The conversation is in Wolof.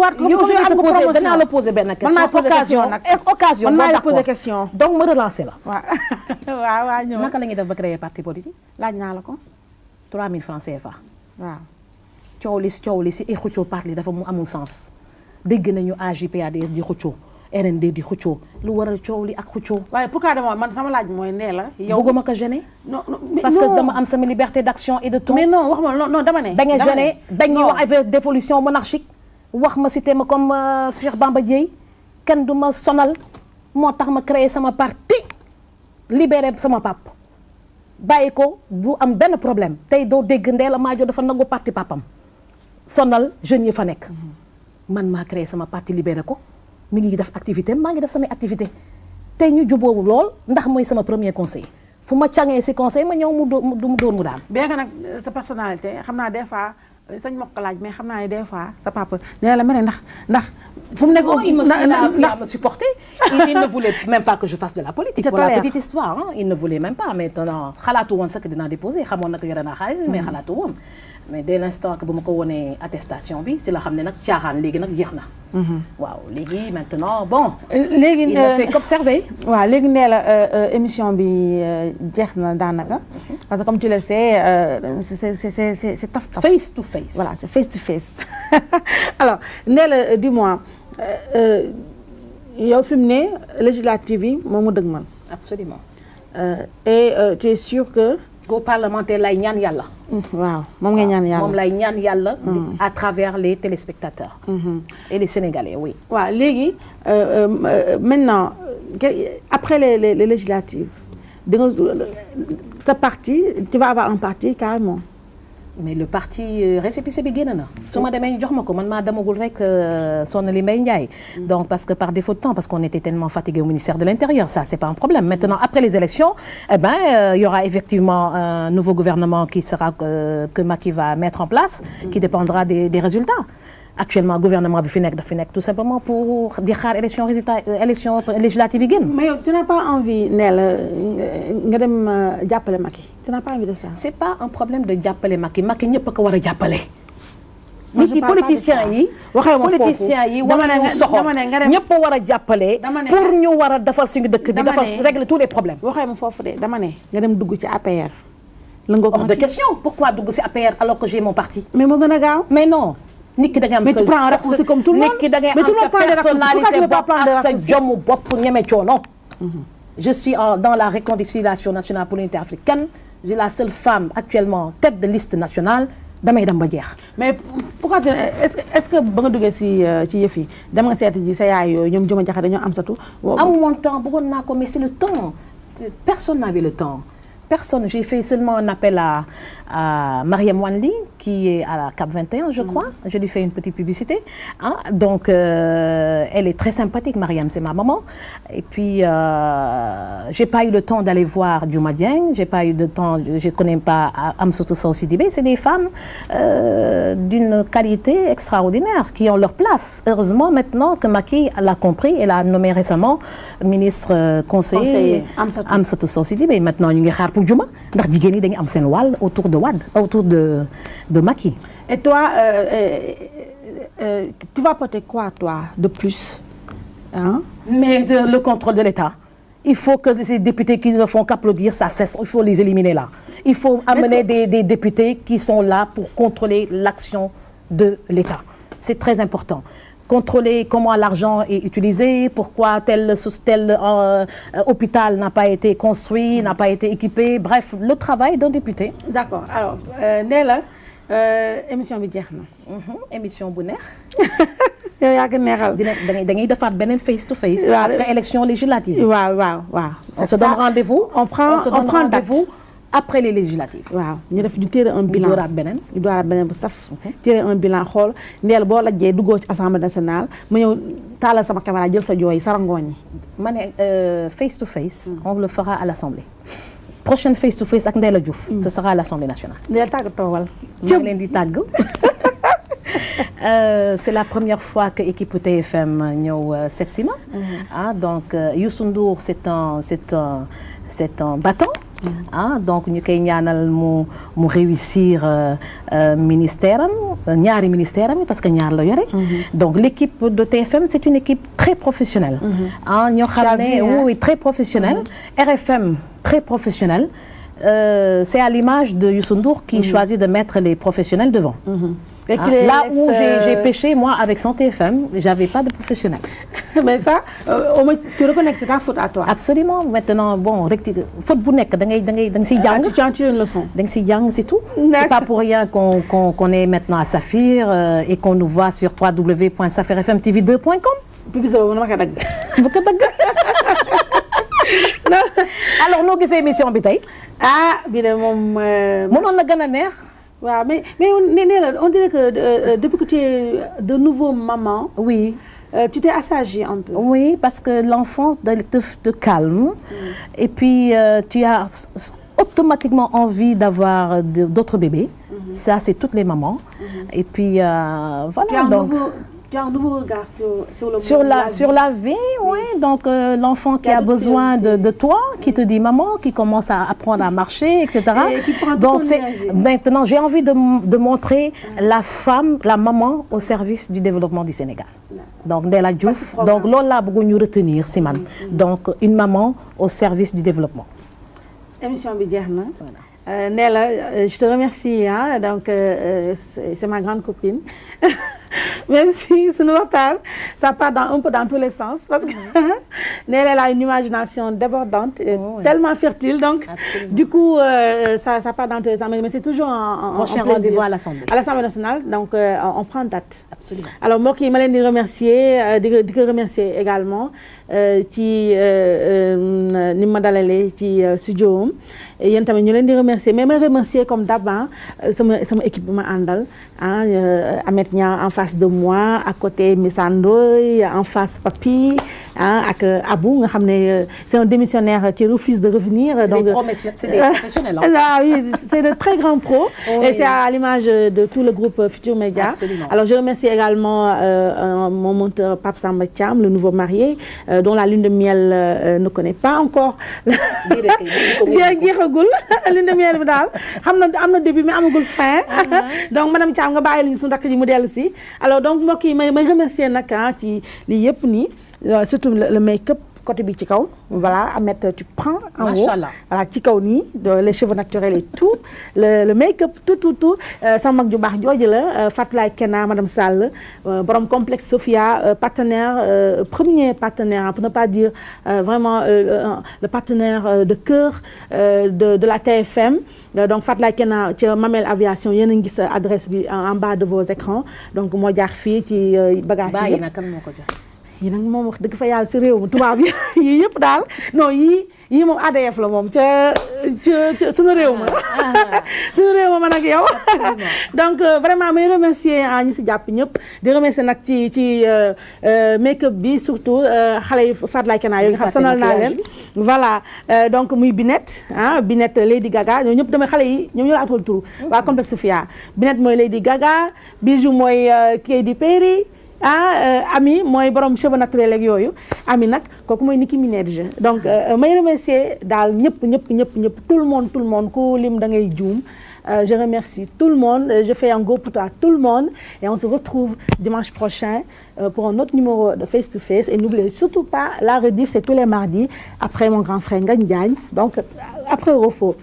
waat ko yow am nga posé danaa la posé benn question occasion nag man maa posé question donc ma relancé la naka la ñuy def ba créer parti politique laaj naa la ko 3000 francs CFA waaw coow li si coow li si ay xëccoo parti dafa mu amul sens dégg nañu AJPADS di xëccoo RND di xëccoo lu waral coow li ak xëccoo waaye pourquoi dama man sama laaj mooy nee la yow bëgguma ko gêner non parce que dama am sama liberté d'action et de ton mais da nga gêner dañuy wax avec dévolution wax ma cité ma comme euh, Cheikh Bamba Dièye kenn du ma sonal moo tax ma créé sama parti libéré sama pap bàyyi ko du am benn problème tey doo dégg Ndella Madior dafa nangu parti papam sonal jeunes yi fa nekk mm-hmm. man maa créé sama parti libéré ko mu ngi def activité maa ngi def samay activité tey ñu jubóowu lool ndax mooy sama premier conseil fu ma cangee si conseil ma ñëw mu dóor mu doon mu daal. bien que nag euh, sa personnalité xam naa des fois. sañ ma ko laaj mais xam naa ne des fois sa papa nee la ma ne ndax ndax. fu mu nekk il me il me supporté il ne voulait même pas que je fasse de la politique. pour la petite histoire hein, il ne voulait même pas maintenant xalaatu woon sax dinaa déposé xamoon nag yore naa xaalis mais mm-hmm. xalaatu woon. mais dès l'instant que ba ma ko wonee attestation bi si la xam ne nag caaxaan léegi nag jeex na. Mm-hmm. waaw léegi maintenant bon. léegi il ne euh, fait qu'observer. waaw léegi nee la euh, euh, émission bi jeex na daanaka. Mm-hmm. parce que comme tu le sais c'est c'est c'est c'est taf taf. face to face voilà c'est face to face alors nee la dis-moi yow fi mu ne législative yi moom mu dëgg man. absolument. et tu es sûr que. groupe parlementaire lay ñaan yàlla. Mm, waaw moom ngay ñaan yàlla moom lay ñaan yàlla. Mm-hmm. à travers les téléspectateurs. Mm-hmm. et les sénégalais oui. waaw léegi euh, euh, maintenant après les les législatives da nga euh, sa parti tu vas avoir un parti carrément. mais le parti euh, récépissé bi génn na. su ma demee jox ma ko man maa demagul rek euh, Sonali Mbaye Ndiaye. Mm. donc parce que par défaut de temps parce qu'on était tellement fatigué au ministère de l'intérieur ça c'est pas un problème maintenant après les élections eh ben euh, il y aura effectivement un nouveau gouvernement qui sera euh, que Macky va mettre en place. Mm. qui dépendra des des résultats. actuellement gouvernement bi fi nekk daf nekk tout simplement pour di xaar élection résultat euh, élection législative yi génn. mais yow tu n'as pas envie ne la nga dem euh, jàppale Macky tu n'as pas envie de ça. c'est pas un problème de jàppale Macky Macky ñëpp a ko war a jàppale. nit yi politiciens yi waxee ma foofu politiciens yi war nañu soxor ñëpp war a jàppale. pour ñu war a defar suñu dëkk bi defar régler tous les problèmes. waxee ma foofu de dama ne nga dem dugg ci APR. la ko hors de question pourquoi dugg ci APR alors que j'ai mon gaaw mais non. nit ki da ngay am sa personne nit ki da ngay am sa personnalité bopp ak sa jom bopp ñeme coono. Mhm. je suis dans la réconciliation nationale pour l'unité africaine j'ai la seule femme actuellement tête de liste nationale damay dem ba jeex. mais pourquoi tu est-ce que est-ce ba nga duggee si euh, ci yëf yi dem nga seeti ji sa yaay yooyu ñoom Juma Jaxate dañoo am sa tur. amu woon temps bëggoon naa ko mais c'est le temps personne n'avait le temps. personne. J'ai fait seulement un appel à, à Mariam Wanli, qui est à la CAP 21, je crois. Mm. Je lui fais une petite publicité. Hein? Donc, euh, elle est très sympathique, Mariam, c'est ma maman. Et puis, euh, j'ai pas eu le temps d'aller voir Diouma Dieng. J'ai pas eu le temps, je connais pas Amsoto Sidibé. C'est des femmes euh, d'une qualité extraordinaire, qui ont leur place. Heureusement, maintenant que Maki l'a compris, elle a nommé récemment ministre euh, conseiller, conseiller. Amsoto Sidibé. Maintenant, nous avons pour Juma ndax jigéen ñi dañu am seen wàll autour de Wade autour de de Macky. et toi euh, euh, euh tu vas porter quoi toi de plus hein? mais le contrôle de l'État il faut que ces députés qui ne font qu'applaudir ça cesse il faut les éliminer là il faut amener que... des des députés qui sont là pour contrôler l'action de l'État c'est très important contrôler comment l'argent est utilisé, pourquoi tel, euh, euh, hôpital n'a pas été construit, n'a pas été équipé. Bref, le travail d'un député. D'accord. Alors, euh, émission bi jeex na. Mhm. émission bu neex. yow yaa gën neexal. dina da ngay defaat beneen face to face. après élection législative. waaw waaw donne rendez-vous. on prend on se donne rendez après les législatives. waaw ñu def ñu tiré un bilan ñu dooraat beneen. ñu dooraat beneen bu saf. tiré un bilan xool ndeel boo lajjee duggoo ci assemblée nationale ma ñëw taalal sama caméra jël sa jooy sa rangoon yi. ma ne euh, face to face. Hmm. on le fera à l' assemblée. prochaine face to face ak Ndella Diouf. Hmm. ce sera à l' assemblée nationale. ndeel tàgg toowal. maa ngi leen di tàgg. Euh, c'est la première fois que équipe TFM ñëw seet si ma ah donc euh, Youssou Ndour c'est un c'est un c'est un bâton ah donc ñu koy ñaanal mu mu réussir euh, euh, ministère am ñaari ministère am parce que ñaar la yore. Mhm. donc l' équipe de TFM c' est une équipe très professionnelle. Mhm. ah ñoo xam ne oui très professionnelle. RFM mhm. très professionnelle. euh, c'est à l'image de Youssou Ndour qui mmh. choisit de mettre les professionnels devant. Mmh. Et hein? Ah, les Là laisse... où j'ai euh, pêché, moi, avec Santé FM, j'avais pas de professionnels. mais ça, euh, au moins, tu reconnais que c'est ta faute à toi. Absolument. Maintenant, bon, faute vous nek, ah, tu en tires une leçon. c'est tout. C'est pas pour rien qu'on qu qu est maintenant à Saphir euh, et qu'on nous voit sur www.saphirfmtv2.com. Plus, vous alors noo gisee émission bi tey. ah bi de moom. Euh, mënoon na gën a neex. waaw mais mais nee na on dirait que euh, euh, depuis que tu es de nouveau maman. oui. Euh, tu t'es assagie un peu. Oui, parce que l'enfant te, te calme mm. et puis euh, tu as automatiquement envie d'avoir d'autres bébés. Mm -hmm. Ça, c'est toutes les mamans. Mm -hmm. Et puis euh, voilà. Tu as donc... un nouveau, Tu as un nouveau regard sur, sur le sur monde, la, la Sur la vie, oui. oui. Donc, euh, l'enfant qui, qui a besoin de, de, toi, qui te dit maman, qui commence à apprendre à marcher, etc. Et qui prend Donc, c'est maintenant, j'ai envie de, de montrer ah. la femme, la maman au service du développement du Sénégal. Là. Donc, Ndella Diouf. Donc, loolu laa bëgg ñu retenir si man. Mm, mm. Donc, une maman au service du développement. Émission bi jeex na. Voilà. Euh, Ndella, euh, je te remercie, hein. Donc, euh, euh c'est ma grande copine. même si suñu waxtaan ça part dans un peu tous les sens parce que Néla elle a une imagination débordante et oh, tellement fertile donc Absolument. du coup euh, ça ça part dans tous les sens mais c'est toujours en en à l'Assemblée nationale donc euh, on prend date. alors mbokk yi ma leen di remercier euh, di di ko remercier également euh, ci euh, ni ma dalalee ci studio am yéen tamit ñu leen di remercier mais may remercier comme d'abord sama sama équipe bi ma àndal ah Ameth Niang en face de moi. moi à côté Missa Ndoye en face Papi euh, Abou nga xam ne euh, c'est un démissionnaire qui refuse de revenir. donc c'est des de très grands pros. Oh, et c'est à l'image de tout le groupe euh, Futur Média. alors je remercie également mon monteur Pape Samba Thiam le nouveau marié euh, dont la lune de miel euh, ne connaît pas encore. jeexagul lune de miel bi daal xam na am na début mais ah. madame Thiam nga bàyyi lu ñu suñu alors. donc mbokk yi may may remercier nag ah, ci lii yëpp nii euh, surtout le make-up côté bii ci kaw voilà a mettre tu prends en haut voilà ci kaw nii les cheveux naturels et tout le le make tout tout tout euh, sama mag ju baax la euh, Fatulaay Kena madame Sall euh, borom complex sofia partenaire premier partenaire pour ne pas dire vraiment le partenaire de cœur de de la TFM donc Fatulaay Kena ci Mamel Aviation yéen a ngi gis adresse bi en bas de vos écrans donc moo jaar fii ci bagage yi nag kan moo ko yi nag moom wax dëgg fa yàlla si réew mi tubaab yi yii yëpp daal non yii yii moom ADF la moom ca ca suñu réew ma ah, ah. suñu réew ma man ak yow donc euh, vraiment may remercier a ah, si jàpp ñëpp di remercier nag ci ci euh, euh, make up bi surtout xale yi Fatlaye Kena yooyu nga xam sonal naa leen voilà donc muy Binette ah Binette Lady Gaga ñoom ñëpp damay xale yi ñoom ñoo la atul tur waa complexe Fia Binette mooy Lady Gaga Bijou mooy Katy Perry ah euh, ami mooy borom cheveux naturels ak yooyu ami nag kooku mooy Nicki Minaj donc euh, may remercier daal ñëpp ñëpp ñëpp ñëpp tout le monde tout le monde ku lim da ngay juum euh, je remercie tout le monde je fais un gros poutou tout le monde et on se retrouve dimanche prochain pour un autre numéro de Face to Face et n'oubliez surtout pas la rediff c'est tous les mardis après mon grand frère Ngagne Diagne donc après Rofo